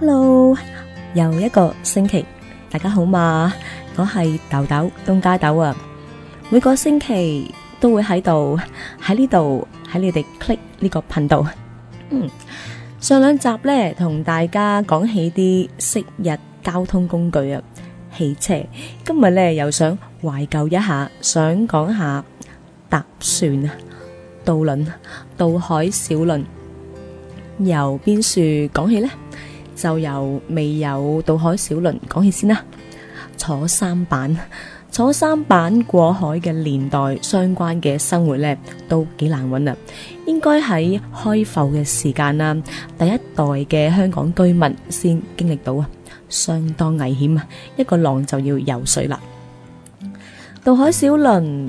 hello，又一個星期，大家好嘛？我係豆豆東加豆啊，每個星期都會喺度喺呢度喺你哋 click 呢個頻道。嗯，上兩集呢同大家講起啲昔日交通工具啊，汽車。今日呢又想懷舊一下，想講下搭船啊，渡輪、渡海小輪，由邊處講起呢？就由未有渡海小輪講起先啦，坐三板，坐三板過海嘅年代相關嘅生活呢，都幾難揾啊。應該喺開埠嘅時間啦，第一代嘅香港居民先經歷到啊，相當危險啊，一個浪就要游水啦。渡海小輪。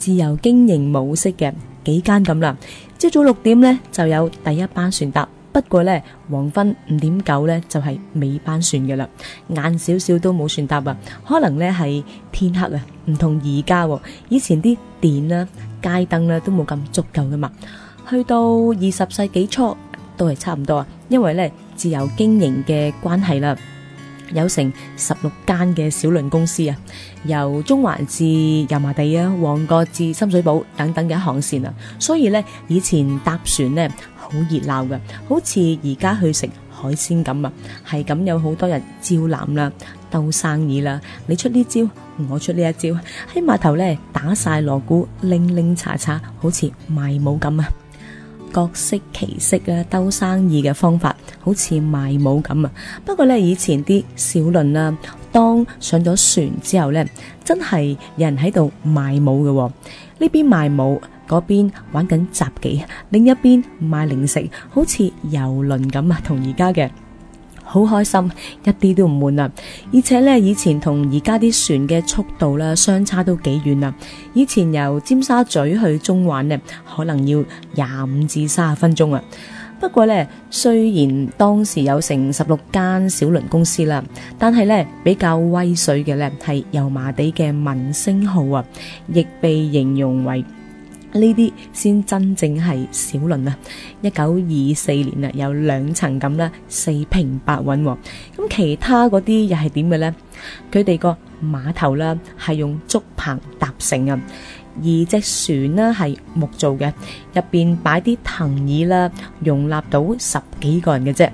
自由經營模式嘅幾間咁啦，朝早六點呢就有第一班船搭，不過呢黃昏五點九呢就係、是、尾班船嘅啦，晏少少都冇船搭啊，可能呢係天黑啊，唔同而家、喎，以前啲電啦、街燈啦都冇咁足夠噶嘛，去到二十世紀初都係差唔多啊，因為呢自由經營嘅關係啦。有成十六間嘅小輪公司啊，由中環至油麻地啊，旺角至深水埗等等嘅航線啊，所以呢，以前搭船呢好熱鬧嘅，好似而家去食海鮮咁啊，係咁有好多人招攬啦，鬥生意啦，你出呢招，我出呢一招，喺碼頭呢打晒鑼鼓，拎拎查查，好似賣武咁啊。各式其式啊，兜生意嘅方法，好似賣武咁啊！不過呢，以前啲小輪啊，當上咗船之後呢，真係有人喺度賣武嘅，呢邊賣武，嗰邊玩緊雜技，另一邊賣零食，好似郵輪咁啊，同而家嘅。好開心，一啲都唔悶啦！而且呢，以前同而家啲船嘅速度啦，相差都幾遠啦。以前由尖沙咀去中環呢，可能要廿五至三十分鐘啊。不過呢，雖然當時有成十六間小輪公司啦，但係呢，比較威水嘅呢係油麻地嘅民聲號啊，亦被形容為。呢啲先真正係小輪啊！一九二四年啊，有兩層咁啦，四平八穩喎。咁其他嗰啲又係點嘅咧？佢哋個碼頭啦，係用竹棚搭成啊，而隻船啦係木造嘅，入邊擺啲藤椅啦，容納到十幾個人嘅啫。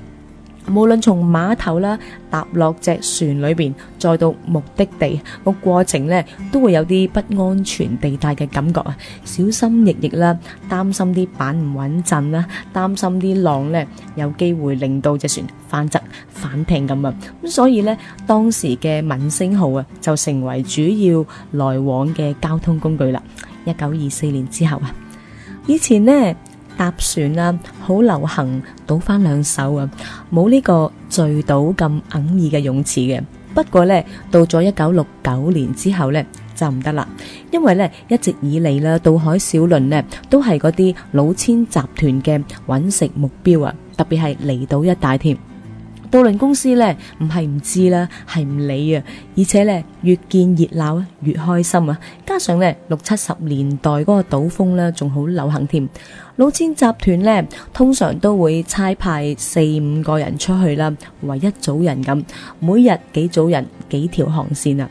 無論從碼頭啦，搭落隻船裏邊，再到目的地，個過程呢，都會有啲不安全地帶嘅感覺啊！小心翼翼啦，擔心啲板唔穩陣啦，擔心啲浪呢，有機會令到隻船翻側翻艇咁啊！咁所以呢，當時嘅閩星號啊，就成為主要來往嘅交通工具啦。一九二四年之後啊，以前呢。搭船啦、啊，好流行賭翻兩手啊，冇呢個醉倒咁硬意嘅用詞嘅。不過呢，到咗一九六九年之後呢，就唔得啦，因為呢，一直以嚟啦，渡海小輪呢，都係嗰啲老千集團嘅揾食目標啊，特別係離島一帶添。渡輪公司呢，唔係唔知啦，係唔理啊！而且呢，越見熱鬧越開心啊！加上呢，六七十年代嗰個賭風呢，仲好流行添，老千集團呢，通常都會差派四五個人出去啦，圍一組人咁，每日幾組人幾條航線啊，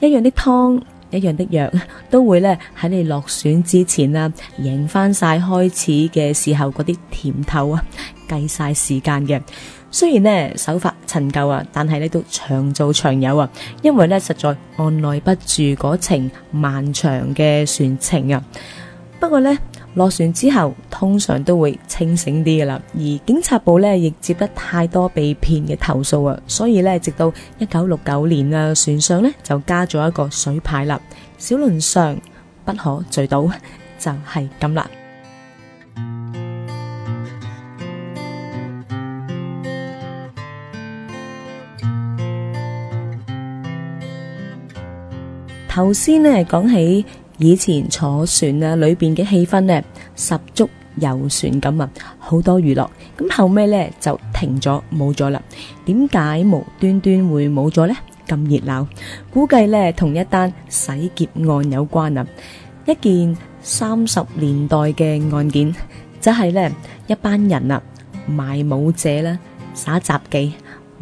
一樣的湯一樣的藥，都會呢，喺你落船之前啊，贏翻晒開始嘅時候嗰啲甜頭啊，計晒時間嘅。雖然呢，手法陳舊啊，但係呢都長做長有啊，因為呢實在按耐不住嗰程漫長嘅船程啊。不過呢，落船之後，通常都會清醒啲噶啦。而警察部呢亦接得太多被騙嘅投訴啊，所以呢，直到一九六九年啊，船上呢就加咗一個水牌啦：小輪上不可醉倒，就係咁啦。頭先咧講起以前坐船啊，裏邊嘅氣氛咧十足遊船咁啊，好多娛樂。咁後尾咧就停咗，冇咗啦。點解無端端會冇咗咧？咁熱鬧，估計咧同一單洗劫案有關啊。一件三十年代嘅案件，就係咧一班人啊賣武者咧耍雜技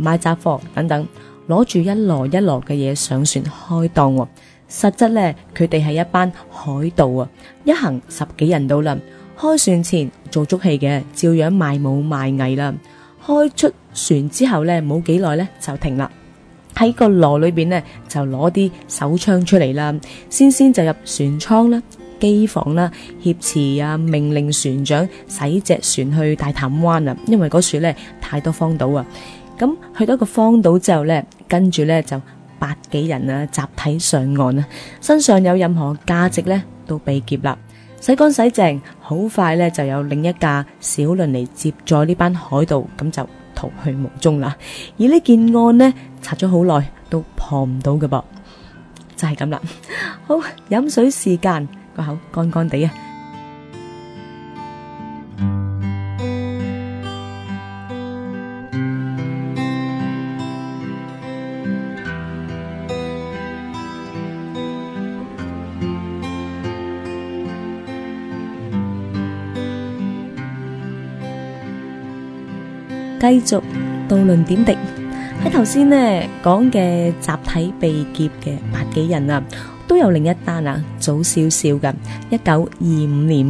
賣雜貨等等，攞住一籮一籮嘅嘢上船開檔。實質呢，佢哋係一班海盜啊！一行十幾人到啦，開船前做足戲嘅，照樣賣武賣藝啦。開出船之後呢，冇幾耐呢就停啦。喺個羅裏邊呢，就攞啲手槍出嚟啦，先先就入船艙啦、機房啦，挾持啊，命令船長使隻船去大潭灣啊！因為嗰船呢太多荒島啊，咁去到個荒島之後呢，跟住呢就。百幾人啊，集體上岸啊，身上有任何價值呢都被劫啦，洗乾洗淨，好快呢就有另一架小輪嚟接載呢班海盜，咁就逃去無蹤啦。而呢件案呢，查咗好耐都破唔到嘅噃，就係咁啦。好，飲水時間，個口乾乾地啊。繼續渡輪點滴，喺頭先呢講嘅集體被劫嘅百幾人啊，都有另一單啊，早少少嘅一九二五年，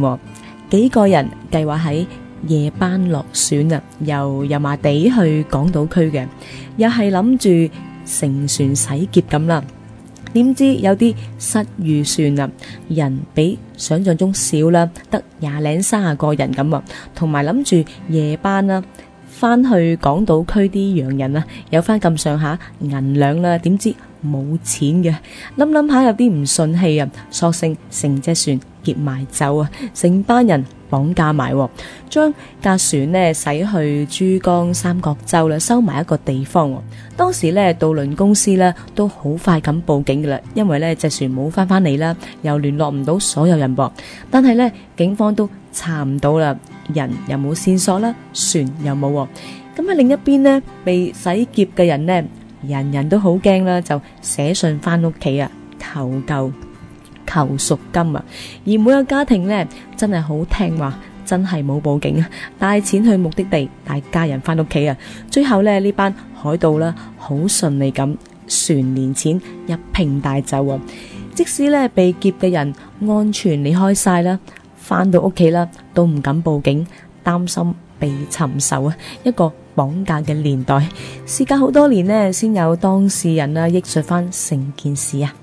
幾個人計劃喺夜班落船啊，由油麻地去港島區嘅，又係諗住乘船洗劫咁啦。點知有啲失預算啦，人比想象中少啦，得廿零卅個人咁啊，同埋諗住夜班啦。翻去港島區啲洋人啊，有翻咁上下銀兩啦，點知冇錢嘅，諗諗下有啲唔順氣啊，索性乘隻船劫埋走啊，成班人綁架埋，將架船呢駛去珠江三角洲啦，收埋一個地方。當時呢，渡輪公司呢都好快咁報警噶啦，因為呢隻船冇翻翻嚟啦，又聯絡唔到所有人噃，但係呢，警方都。查唔到啦，人又冇線索啦，船又冇。咁喺另一邊呢，被洗劫嘅人呢，人人都好驚啦，就寫信翻屋企啊，求救、求贖金啊。而每個家庭呢，真係好聽話，真係冇報警啊，帶錢去目的地，帶家人翻屋企啊。最後呢，呢班海盜啦，好順利咁，船連錢一平帶走啊。即使呢被劫嘅人安全離開晒啦。翻到屋企啦，都唔敢報警，擔心被尋仇啊！一個綁架嘅年代，事隔好多年呢，先有當事人啊憶述翻成件事啊！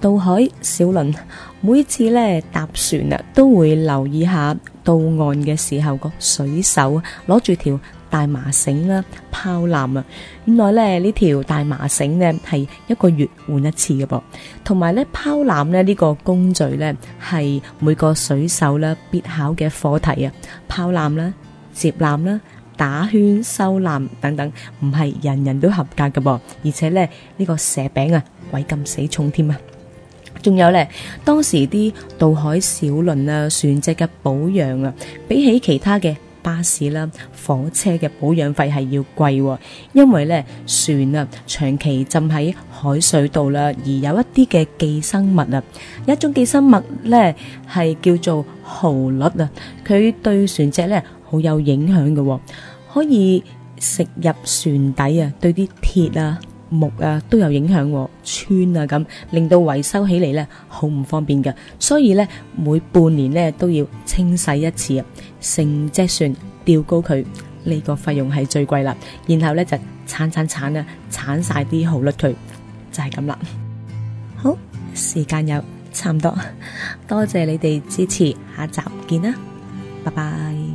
渡海小輪每次呢搭船啊，都會留意下到岸嘅時候個水手攞住條。大麻繩啦，拋纜啊，原來咧，呢條大麻繩呢係一個月換一次嘅噃，同埋咧，拋纜呢，呢個工序呢係每個水手啦必考嘅課題啊，拋纜啦、接纜啦、打圈、收纜等等，唔係人人都合格嘅噃，而且呢，呢個蛇餅啊，鬼咁死重添啊，仲有呢，當時啲渡海小輪啊，船隻嘅保養啊，比起其他嘅巴士啦，火車嘅保養費係要貴，因為咧船啊長期浸喺海水度啦，而有一啲嘅寄生物啊，有一種寄生物咧係叫做蠔率啊，佢對船隻咧好有影響嘅，可以食入船底啊，對啲鐵啊。木啊都有影響，穿啊咁令到維修起嚟呢好唔方便嘅，所以呢，每半年呢都要清洗一次，成隻船吊高佢呢，呢個費用係最貴啦，然後呢，就鏟鏟鏟啊鏟晒啲蠔甩佢就係咁啦。好，時間又差唔多，多謝你哋支持，下集見啦，拜拜。